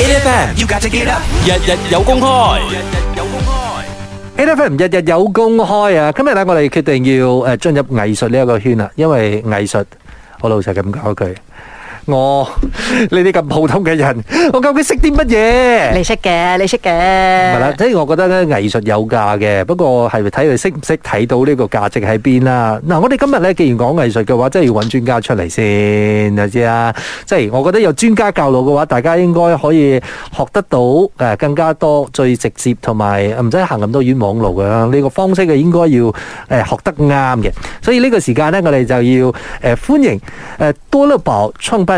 A. F. Fan 要架隻機啦，日日有公開，日日有公開。A. F. Fan 唔日日有公開啊！今日咧，我哋決定要誒進入藝術呢一個圈啦，因為藝術，我老實咁講一句。我呢啲咁普通嘅人，我究竟識啲乜嘢？你識嘅，你識嘅。唔係啦，即係我覺得咧藝術有價嘅，不過係咪睇佢識唔識睇到呢個價值喺邊啦。嗱，我哋今日咧，既然講藝術嘅話，即係要揾專家出嚟先啊，知啊？即係我覺得有專家教路嘅話，大家應該可以學得到誒更加多最直接同埋唔使行咁多冤枉路嘅。呢個方式嘅應該要誒學得啱嘅。所以呢個時間咧，我哋就要誒歡迎誒多樂寶創辦